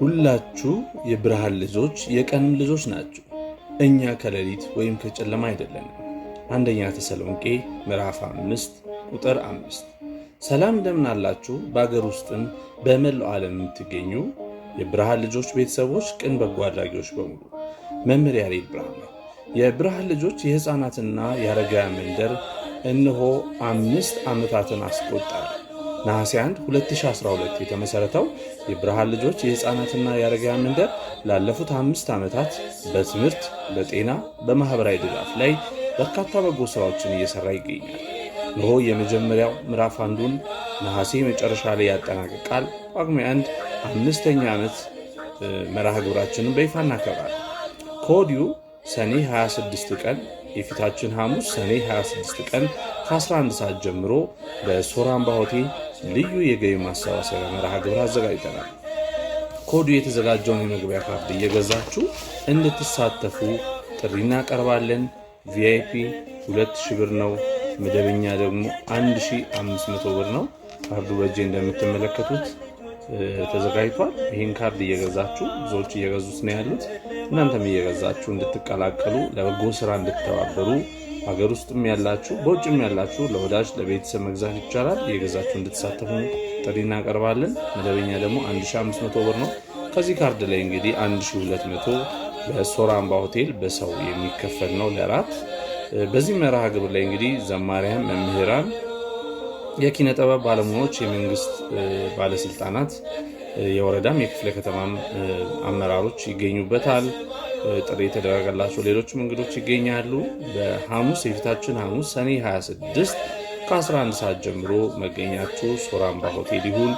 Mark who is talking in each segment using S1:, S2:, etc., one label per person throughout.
S1: ሁላችሁ የብርሃን ልጆች የቀንም ልጆች ናችሁ። እኛ ከሌሊት ወይም ከጨለማ አይደለንም። አንደኛ ተሰሎንቄ ምዕራፍ አምስት ቁጥር አምስት ሰላም እንደምን አላችሁ? በአገር ውስጥም በመላው ዓለም የምትገኙ የብርሃን ልጆች ቤተሰቦች፣ ቅን በጎ አድራጊዎች በሙሉ መምህር ያሬድ ብርሃን ነው። የብርሃን ልጆች የሕፃናትና የአረጋውያን መንደር እነሆ አምስት ዓመታትን አስቆጣል። ነሐሴ 1 2012 የተመሰረተው የብርሃን ልጆች የህፃናትና የአረጋውያን መንደር ላለፉት አምስት ዓመታት በትምህርት፣ በጤና፣ በማህበራዊ ድጋፍ ላይ በርካታ በጎ ስራዎችን እየሰራ ይገኛል። እነሆ የመጀመሪያው ምዕራፍ አንዱን ነሐሴ መጨረሻ ላይ ያጠናቅቃል። ጳጉሜ 1 አምስተኛ ዓመት መርሃ ግብራችንን በይፋ እናከብራለን። ከወዲሁ ሰኔ 26 ቀን የፊታችን ሐሙስ ሰኔ 26 ቀን ከ11 ሰዓት ጀምሮ በሶራምባ ሆቴል ልዩ የገቢ ማሰባሰቢያ መርሃ ግብር አዘጋጅተናል። ኮዱ የተዘጋጀውን የመግቢያ ካርድ እየገዛችሁ እንድትሳተፉ ጥሪ እናቀርባለን። ቪአይፒ 2000 ብር ነው። መደበኛ ደግሞ 1500 ብር ነው። ካርዱ በእጄ እንደምትመለከቱት ተዘጋጅቷል። ይህን ካርድ እየገዛችሁ ብዙዎች እየገዙት ነው ያሉት። እናንተም እየገዛችሁ እንድትቀላቀሉ ለበጎ ስራ እንድትተባበሩ ሀገር ውስጥም ያላችሁ በውጭም ያላችሁ ለወዳጅ ለቤተሰብ መግዛት ይቻላል። የገዛችሁ እንድትሳተፉ ጥሪ እናቀርባለን። መደበኛ ደግሞ 1500 ብር ነው። ከዚህ ካርድ ላይ እንግዲህ 1200 በሶራምባ ሆቴል በሰው የሚከፈል ነው ለራት። በዚህ መርሃ ግብር ላይ እንግዲህ ዘማሪያን፣ መምህራን፣ የኪነ ጥበብ ባለሙያዎች፣ የመንግስት ባለስልጣናት፣ የወረዳም የክፍለ ከተማም አመራሮች ይገኙበታል። ጥሪ የተደረገላቸው ሌሎችም እንግዶች ይገኛሉ። በሐሙስ የፊታችን ሐሙስ ሰኔ 26 ከ11 ሰዓት ጀምሮ መገኛችሁ ሶራምባ ሆቴል ይሁን።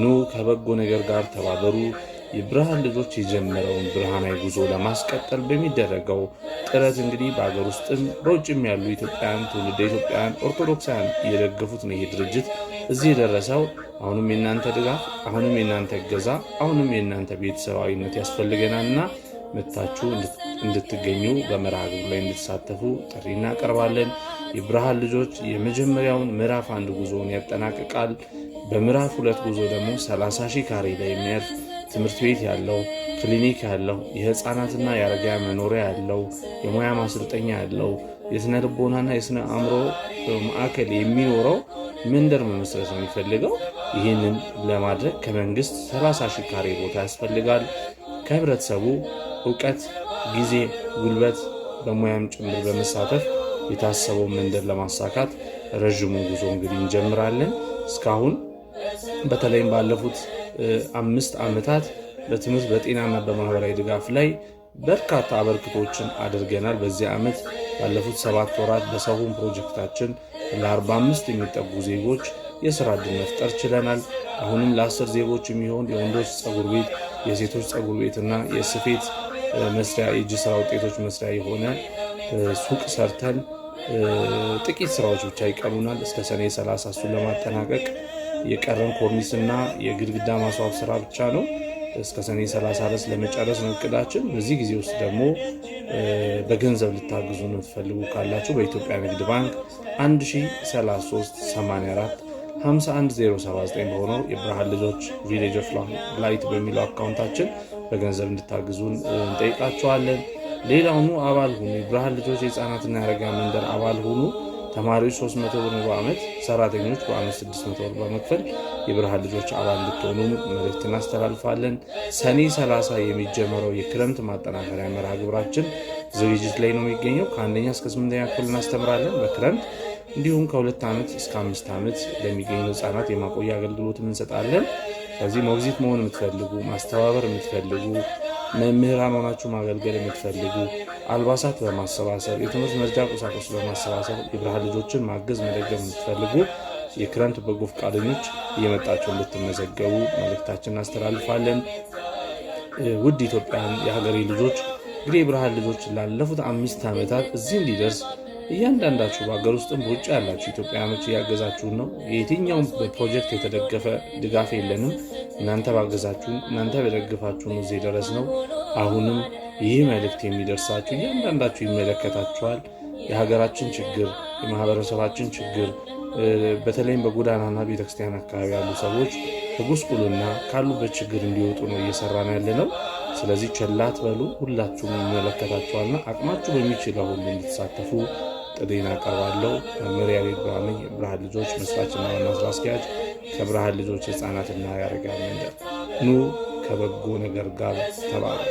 S1: ኑ ከበጎ ነገር ጋር ተባበሩ። የብርሃን ልጆች የጀመረውን ብርሃናዊ ጉዞ ለማስቀጠል በሚደረገው ጥረት እንግዲህ በሀገር ውስጥም በውጭም ያሉ ኢትዮጵያን ትውልደ ኢትዮጵያን ኦርቶዶክሳውያን እየደገፉት ነው ይሄ ድርጅት እዚህ የደረሰው። አሁንም የእናንተ ድጋፍ፣ አሁንም የእናንተ እገዛ፣ አሁንም የእናንተ ቤተሰባዊነት ያስፈልገናልና መጥታችሁ እንድትገኙ በመርሃ ግብሩ ላይ እንድትሳተፉ ጥሪ እናቀርባለን። የብርሃን ልጆች የመጀመሪያውን ምዕራፍ አንድ ጉዞውን ያጠናቅቃል። በምዕራፍ ሁለት ጉዞ ደግሞ 30 ሺህ ካሬ ላይ የሚያርፍ ትምህርት ቤት ያለው ክሊኒክ ያለው የህፃናትና የአረጋ መኖሪያ ያለው የሙያ ማሰልጠኛ ያለው የስነ ልቦናና የስነ አእምሮ ማዕከል የሚኖረው መንደር መመስረት ነው የሚፈልገው። ይህንን ለማድረግ ከመንግስት 30 ሺህ ካሬ ቦታ ያስፈልጋል። ከህብረተሰቡ እውቀት፣ ጊዜ፣ ጉልበት በሙያም ጭምር በመሳተፍ የታሰበውን መንደር ለማሳካት ረዥሙን ጉዞ እንግዲህ እንጀምራለን። እስካሁን በተለይም ባለፉት አምስት ዓመታት በትምህርት በጤናና በማህበራዊ ድጋፍ ላይ በርካታ አበርክቶችን አድርገናል። በዚህ ዓመት ባለፉት ሰባት ወራት በሰሁን ፕሮጀክታችን ለ45 የሚጠጉ ዜጎች የስራ ዕድል መፍጠር ችለናል። አሁንም ለአስር ዜጎች የሚሆን የወንዶች ፀጉር ቤት፣ የሴቶች ፀጉር ቤትና የስፌት መስሪያ የእጅ ስራ ውጤቶች መስሪያ የሆነ ሱቅ ሰርተን ጥቂት ስራዎች ብቻ ይቀሩናል። እስከ ሰኔ 30 እሱን ለማጠናቀቅ የቀረን እና የግድግዳ ማስዋብ ስራ ብቻ ነው። እስከ ሰኔ 30 ድረስ ለመጨረስ ነው እቅዳችን። በዚህ ጊዜ ውስጥ ደግሞ በገንዘብ ልታግዙ የምትፈልጉ ካላችሁ በኢትዮጵያ ንግድ ባንክ 1338 51079 በሆነው የብርሃን ልጆች ቪሌጅ ኦፍ ላይት በሚለው አካውንታችን በገንዘብ እንድታግዙን እንጠይቃችኋለን። ሌላውኑ አባል ሁኑ። የብርሃን ልጆች የህፃናትና ያረጋን መንደር አባል ሁኑ። ተማሪዎች 300 ብር በዓመት ሰራተኞች በዓመት 600 ብር በመክፈል የብርሃን ልጆች አባል እንድትሆኑ መልእክት እናስተላልፋለን። ሰኔ 30 የሚጀመረው የክረምት ማጠናከሪያ መርሃ ግብራችን ዝግጅት ላይ ነው የሚገኘው። ከአንደኛ እስከ ስምንተኛ ክፍል እናስተምራለን በክረምት እንዲሁም ከሁለት ዓመት እስከ አምስት ዓመት ለሚገኙ ህጻናት የማቆያ አገልግሎት እንሰጣለን። ከዚህ ሞግዚት መሆን የምትፈልጉ ማስተባበር የምትፈልጉ መምህራን ሆናችሁ ማገልገል የምትፈልጉ አልባሳት በማሰባሰብ የትምህርት መርጃ ቁሳቁስ በማሰባሰብ የብርሃን ልጆችን ማገዝ መደገፍ የምትፈልጉ የክረምት በጎ ፈቃደኞች እየመጣችሁ እንድትመዘገቡ መልእክታችን እናስተላልፋለን። ውድ ኢትዮጵያን የሀገሬ ልጆች እንግዲህ የብርሃን ልጆች ላለፉት አምስት ዓመታት እዚህ እንዲደርስ እያንዳንዳችሁ በሀገር ውስጥም በውጭ ያላችሁ ኢትዮጵያውያኖች እያገዛችሁን ነው። የትኛውም በፕሮጀክት የተደገፈ ድጋፍ የለንም። እናንተ ባገዛችሁን፣ እናንተ በደግፋችሁን እዚህ ደረስ ነው። አሁንም ይህ መልእክት የሚደርሳችሁ እያንዳንዳችሁ ይመለከታችኋል። የሀገራችን ችግር፣ የማህበረሰባችን ችግር በተለይም በጎዳናና ቤተክርስቲያን አካባቢ ያሉ ሰዎች ከጉስቁልና ካሉበት ችግር እንዲወጡ ነው እየሰራ ነው ያለ ነው። ስለዚህ ቸላት በሉ ሁላችሁም ይመለከታችኋልና አቅማችሁ በሚችለው ሁሉ እንድትሳተፉ ጥሪን አቀርባለሁ። መምህር ያሬድ ብርሃኑ የብርሃን ልጆች መስራችና ዋና ስራ አስኪያጅ፣ ከብርሃን ልጆች ህፃናትና ያረጋ መንደር ኑ ከበጎ ነገር ጋር ተባሉ።